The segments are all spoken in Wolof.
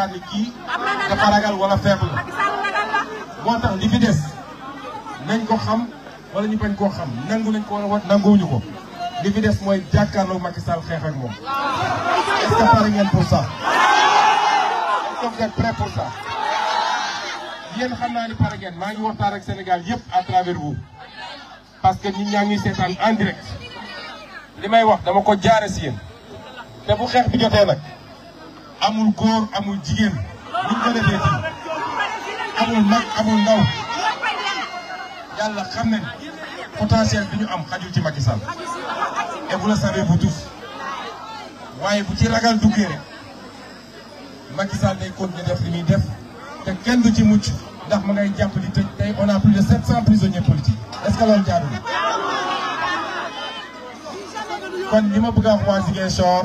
yaakaar ni kii dafa ragal wala faible la moo tax fi dess nagn ko xam wala ñu bañ ko xam nangu nañ ko wala wat nanguwuñu ko di fi des mooy jàkkaarloo Macky Sall xeex ak moom est-ce que ngeen pour ça est-ce que vous pour ça yéen xam naa ni pare ngeen maa ngi waxtaan ak Sénégal yépp à travers vous parce que ñi ñaa ngi seetaan en direct li may wax dama ko jaare ci yéen té bu xeex bi jotee nak amul góor amul jigen buñ ko defee fii amul mag amul ndaw yalla xam potentiel biñu am xaju ci Macky Sall et vous le savez vous tous waye bu ci ragal duggé rek Macky Sall day ko def li muy def té kenn du ci mucc ndax ma ngay japp li tëj tey on a plus de 700 prisonniers politiques est-ce que lolu jaarul kon ñima ma bëgg a wax waa Ziguinchor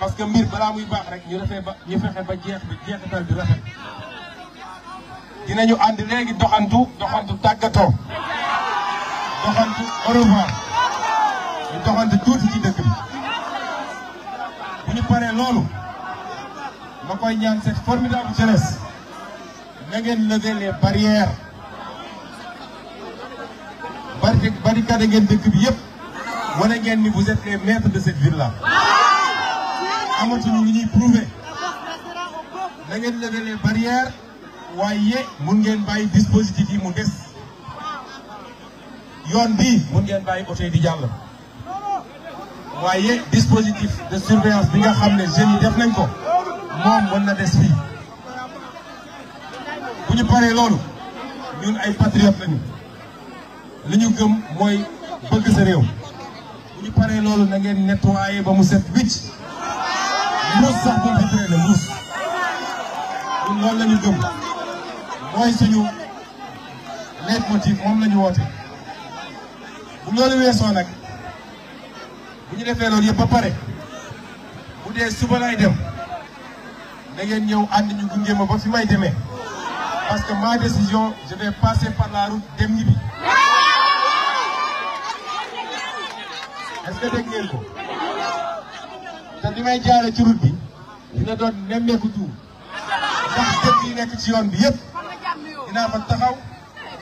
parce que mbir balaa muy baax rek ñu defee ba ñu fexe ba jeex bi jeexital bi rafet dinañu ànd léegi doxantu doxantu tàggatoo doxantu au revoir ñu doxantu tuuti ci dëkk bi bu ñu paree loolu ma koy ñaan cette formidable jeunesse na ngeen lever les barrières barricade ngeen dëkk bi yëpp wane ngeen ni vous êtes les maîtres de cette ville là amatuñu lu ñuy prouver na ngeen lever les barrières wayé mun ngeen bàyyi dispositif yi mu dess yoon bi mun ngeen bàyyi auto di jall wayé dispositif de surveillance bi nga xamné ne def nañ ko mom mën na des fii bu ñu paree loolu ñun ay patriotes lañu liñu gëm moy bëgg sa réew bu ñu paree loolu na ngeen nettoyer ba mu set wicc. muus sax boo ko bëree la muus ñun loolu la ñu mooy suñu leitmotiv moom la ñu woote. bu loolu weesoo nag bu ñu defee loolu yëpp ba pare bu dee suba lay dem na ngeen ñëw ànd ñu gunge ma ba fi may demee parce que ma décision je vais par la route dem ñibbi. est-ce que dégg ko. te li may jaar ci route bi dina doon nemmeeku tuur ndax dëkk yi nekk ci yoon bi yëpp dinaa fa taxaw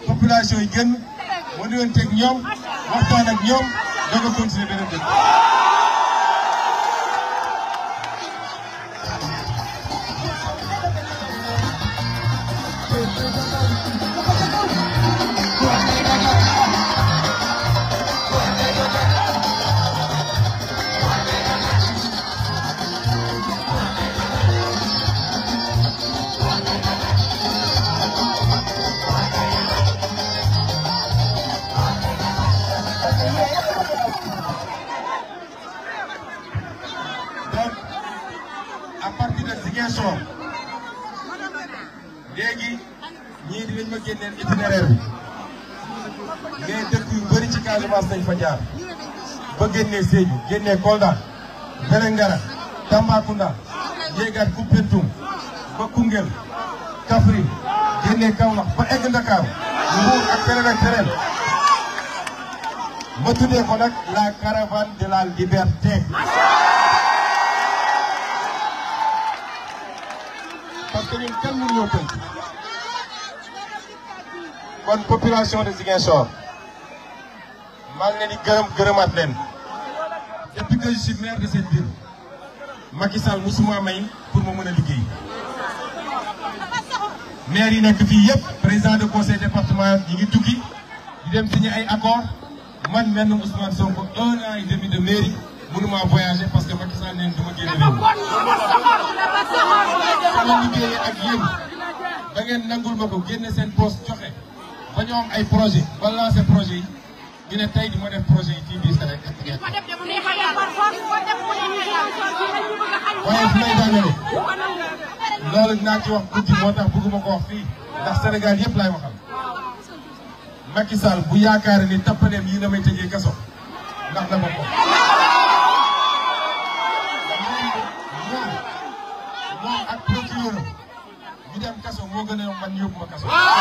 population yi génn ma nuyoon teg ñoom waxtaan ak ñoom da nga continuer beneen dëkk donc à partir de Ziguinchor léegi ñii dinañ ma génneel itinéraire bi mais dëkk yu bëri ci Casamance lañ fa jaar ba génnee Sédhiou génnee Kolda Vélingara Tambacounda yéegaat Koumpentoum ba Koungheul Kaffrine génnee Kaolack vous egg Ndakaaru Je suis la caravane de la liberté. parce que nous population de Ziguinchor. Malgré depuis que je suis maire de cette ville. Macky Sall musuma may pour ma maire président de conseil départemental yi ngi tukki signé accord man mel Ousmane Sonko un an et demi de mairie m'a voyager parce que Macky Sall ma da ngeen nangul mako sen poste ba ñoom ay projet ba lancer projet yi ñu ne def projet yi ci ci wax wax ndax Sénégal Macky Sall bu yaakaar ni tappaneem yi damay tëjee kaso ndax dama ko. moom ak procureur ñu dem kaso moo gën a yomb man yóbbu ma kaso.